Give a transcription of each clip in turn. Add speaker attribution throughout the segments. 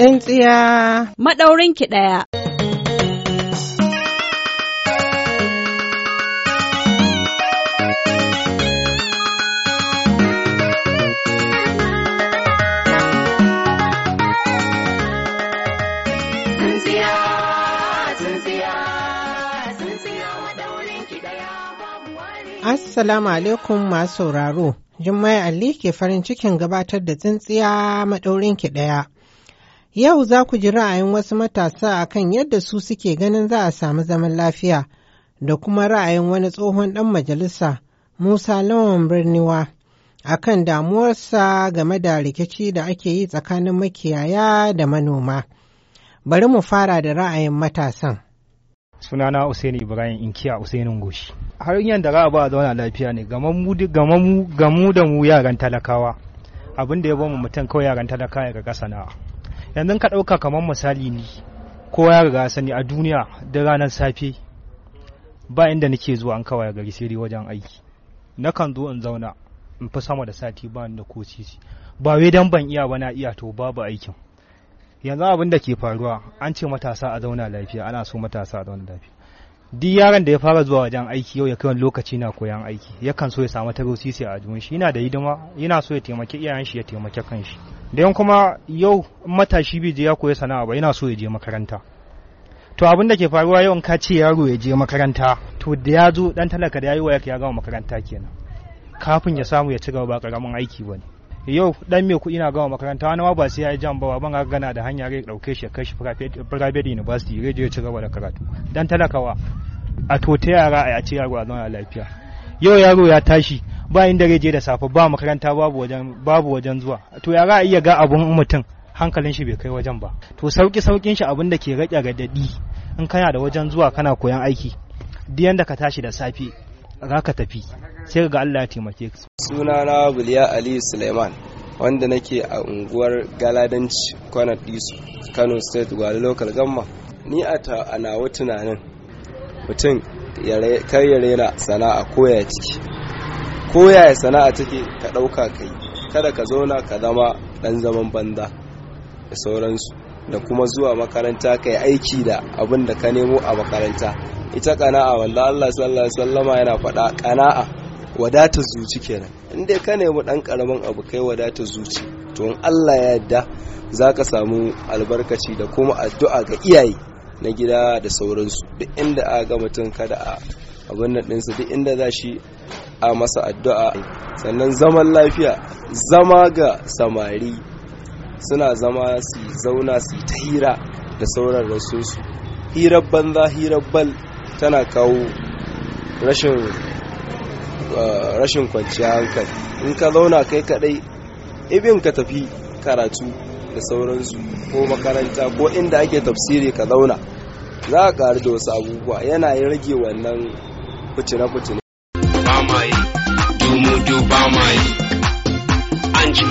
Speaker 1: Ɗan tsiya. Maɗaurin ki ɗaya. Assalamu alaikum masu sauraro. Jummai Ali ke farin cikin gabatar da tsintsiya maɗaurin ki ɗaya. Yau za ku ji ra'ayin wasu matasa a kan yadda su suke ganin za a samu zaman lafiya da kuma ra'ayin wani tsohon ɗan majalisa Musa Lawan Birniwa a kan damuwarsa game da rikici da ake yi tsakanin makiyaya da manoma. Bari mu fara da ra'ayin matasan.
Speaker 2: sunana Usaini Ibrahim Inkiya Usainin Goshi. Har yan da a ba zauna lafiya ne gamu da mu yaran talakawa. Abin da ya bamu mutum kawai yaran talakawa ya ga sana'a. yanzu ka ɗauka kamar misali ni kowa ya riga sani a duniya da ranar safe ba inda nake zuwa an kawai gari sai wajen aiki na kan zo in zauna in fi sama da sati ba da ko sisi ba wai dan ban iya ba na iya to babu aikin yanzu abin da ke faruwa an ce matasa a zauna lafiya ana so matasa a zauna lafiya duk yaron da ya fara zuwa wajen aiki yau ya kai lokaci na koyan aiki yakan so ya samu sai a ajiyun shi yana da hidima yana so ya taimaki iyayen shi ya taimaki kan shi. don kuma yau matashi bai je ya koya sana'a ba yana so ya je makaranta to abin da ke faruwa yau in ka ce yaro ya je makaranta to da ya zo dan talaka da yayi waya ya gama makaranta kenan kafin ya samu ya ci gaba ba karamin aiki bane yau dan mai kuɗi na gama makaranta wani ma ba sai ya yi jam ba ban ga gana da hanya rai dauke shi kai shi private university rai je ya ci gaba da karatu dan talakawa a to ta yara a ce yaro a zauna lafiya yau yaro ya tashi ba inda zai je da safe ba makaranta babu wajen babu wajen zuwa to ya a iya ga abun mutum hankalin shi bai kai wajen ba to sauki saukin shi abin da ke rage radadi in kana da wajen zuwa kana koyan aiki diyan da ka tashi da safe za ka tafi sai ga Allah ya taimake ka
Speaker 3: sunana Buliya Ali Suleiman wanda nake a unguwar Galadanci Kwana Disu Kano State Gwale Local Gamma ni a ta ana tunanin mutum kar ya rena sana'a koya ciki ko yaya sana'a take ka ɗauka kai kada ka zauna ka zama ɗan zaman banza da sauransu da kuma zuwa makaranta ka yi aiki da abin da ka nemo a makaranta ita kana'a wanda Allah sallallahu alaihi yana faɗa kana'a wadatar zuci kenan in dai ka nemi ɗan ƙaramin abu kai wadatar zuci to in Allah ya yarda za ka samu albarkaci da kuma addu'a ga iyaye na gida da sauransu duk inda a ga mutum kada a abin nan ɗinsa duk inda za shi a masa addu'a sannan zaman lafiya zama ga samari suna zama su zauna su ta hira da sauran rasunsu hirar banza hirar bal tana kawo rashin kwanciya hankali in ka zauna kai kadai ibin ka tafi karatu da sauransu ko makaranta ko inda ake tafsiri ka zauna za a ƙari da wasu abubuwa yana rage wannan kucina-kucina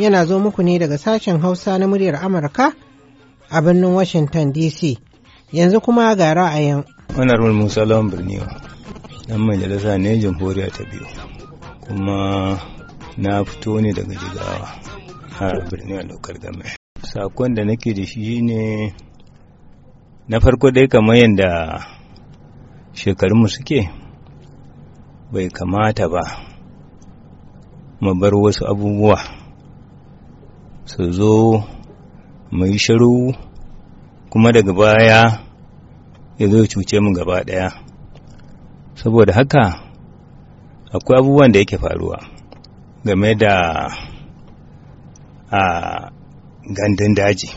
Speaker 1: yana zo muku ne daga sashen Hausa na muryar Amurka a birnin Washington DC. Yanzu kuma ga ra'ayin.
Speaker 4: Honorable Musa Lawan Birniwa, dan majalisa ne jamhuriya ta biyu, kuma na fito ne daga jigawa a Birniwa lokar game. Sakon da nake da shi ne na farko dai kamar yadda shekarunmu suke bai kamata ba mu bar wasu abubuwa su zo mu yi shiru kuma daga baya ya zo cuce mu gaba ɗaya saboda haka akwai abubuwan da yake faruwa game da a gandun daji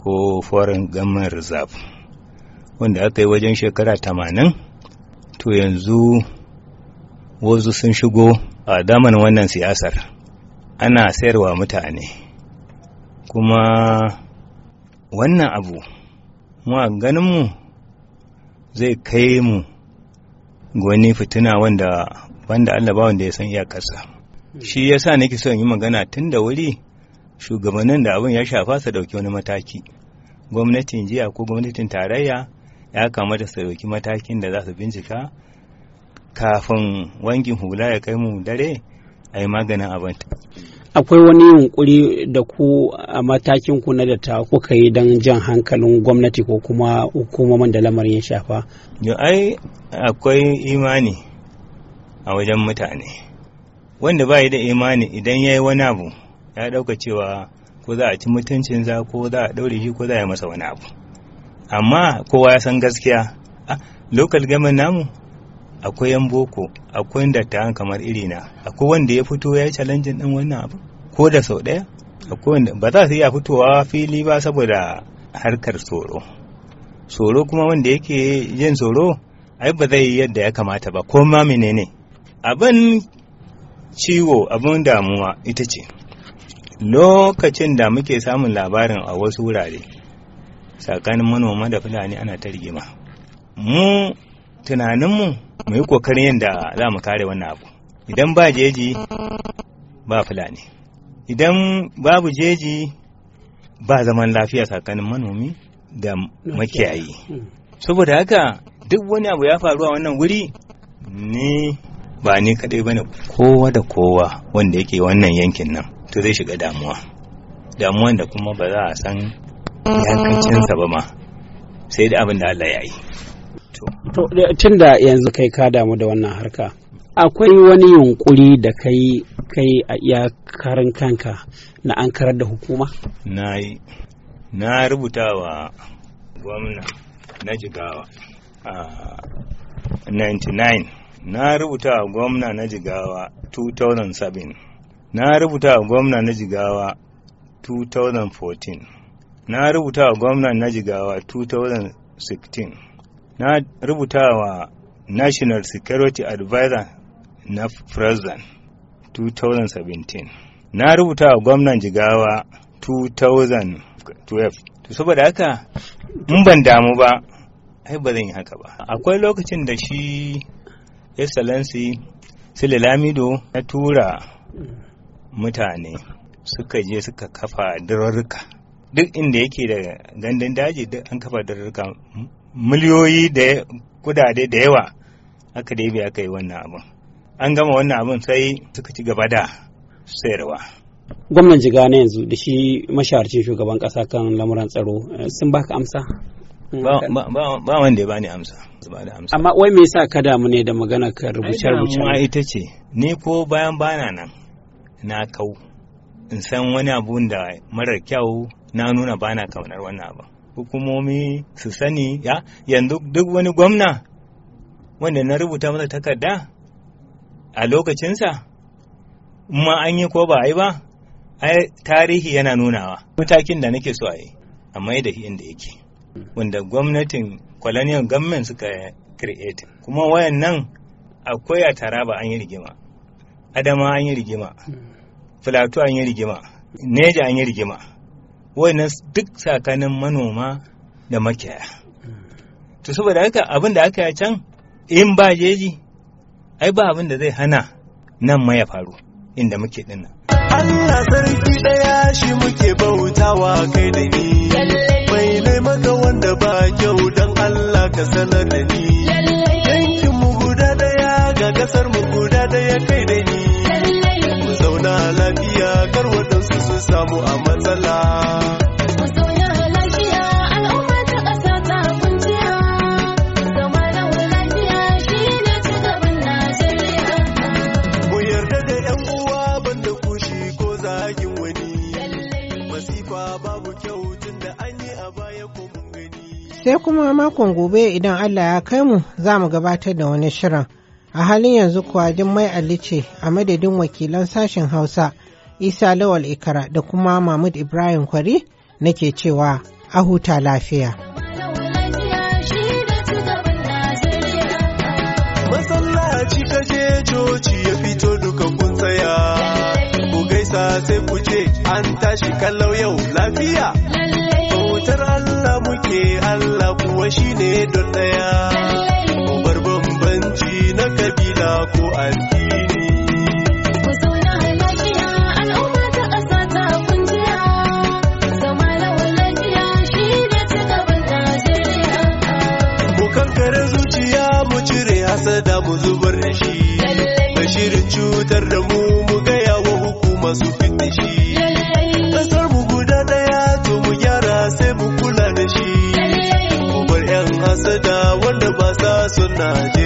Speaker 4: ko foreign government reserve wanda aka yi wajen shekara tamanin to yanzu wasu sun shigo a daman wannan siyasar ana sayarwa mutane kuma wannan abu mu a ganinmu zai kai mu wani fituna wanda wanda Allah ba wanda ya san iyakarsa hmm. shi yasa nake son yi magana tun da wuri shugabannin da abin ya shafa su dauki wani mataki gwamnatin jiya ko gwamnatin tarayya ya kamata su dauki matakin da za su bincika kafin wangin hula ya kai mu dare a yi maganin abin akwai wani yunkuri da ku a matakin ku na da ta kuka yi don jan hankalin gwamnati ko kuma hukumomin da lamarin ya shafa ai akwai imani a wajen mutane wanda ba yi da imani idan ya yi wani abu ya ɗauka cewa ko za a ci mutuncin za ko za a ɗaure shi ko za a yi masa wani abu amma kowa ya san gaskiya a lokal gamin namu akwai yan boko akwai dattawan kamar irina akwai wanda ya fito ya yi challenge din wannan abu ko da sau ɗaya akwai wanda ba za su iya fitowa fili ba saboda harkar tsoro tsoro kuma wanda yake yin tsoro ai ba zai yi yadda ya kamata ba ko ma menene abin ciwo abin damuwa ita ce lokacin da muke samun labarin a wasu wurare tsakanin manoma da fulani ana ta rigima mu tunaninmu mu yi kokarin yadda za mu kare wannan abu idan ba jeji ba fulani idan babu jeji ba zaman lafiya tsakanin manomi da makiyayi saboda haka duk wani abu ya faru a wannan wuri ni ba ni kadai bane kowa da kowa wanda yake wannan yankin nan to zai shiga damuwa damuwan da kuma ba za a san yakancinsa ba ma sai da abin da Allah ya yi fito. To tun da yanzu kai ka damu da wannan harka. Akwai wani yunkuri da kai kai a iyakarin kanka na an karar da hukuma? Na yi. Na rubuta wa gwamna na jigawa a 99. Na rubuta wa gwamna na jigawa 2007. Na rubuta wa gwamna na jigawa 2014. Na rubuta wa gwamna na jigawa 2016. na rubuta wa national security advisor na president 2017 na rubuta wa gwamnan jigawa 2012 to saboda haka in ban damu ba ai ba zan yi haka ba akwai lokacin da shi excellency sule lamido na tura mutane suka je suka kafa dararruka duk inda yake da gandun daji duk an kafa dararruka miliyoyi da kudade da yawa aka ɗebe aka yi wannan abin an gama wannan abin sai suka ci gaba da sayarwa gwamnan jiga na yanzu da shi mashaharcin shugaban kasa kan lamuran tsaro eh, sun baka amsa ba wanda ya bani amsa amma wai me yasa ka damu ne da magana ka rubuce rubuce ma ita ce ni ko bayan bana nan na kau in san wani abu da marar kyau na nuna bana kaunar wannan abin hukumomi su sani ya yanzu duk wani gwamna wanda na rubuta masa takarda a lokacinsa ma an yi ko ba a yi ba tarihi yana nunawa matakin da nake so a yi a mai da inda yake wanda gwamnatin colonial government suka create kuma wayan nan akwai a taraba an yi rigima adama an yi rigima hmm. filato an yi rigima neja an yi rigima wannan duk tsakanin manoma da makiyaya to saboda haka abin da aka yi can in ba jeji ai ba abin da zai hana nan ma ya faru inda muke dinna Allah sarki daya shi muke bautawa kai da ni mai nai wanda ba kyau don Allah ka sanar da ni yankin mu guda daya ga kasar mu guda daya kai da samu a matsala.
Speaker 1: sai kuma makon gobe idan Allah ya kai mu za mu gabatar da wani shirin. A halin yanzu kuwa jin mai alice a madadin wakilan sashen Hausa Isa Lawal Ikara da kuma Mahmud Ibrahim Kwari nake cewa a huta lafiya. Masallaci kaje coci ya fito duka kun tsaya, ku gaisa sai ku ce an tashi kallau yau
Speaker 4: lafiya. Bautar Allah muke Allah kuwa shine don ɗaya, bar bambanci na kabila ko addini.
Speaker 3: mu zubar da shi da shirin cutar da mu mu gaya wa hukuma su fita shi kasar mu guda daya to mu gyara sai mu kula da shi Ku bar yan hasada wanda ba sa suna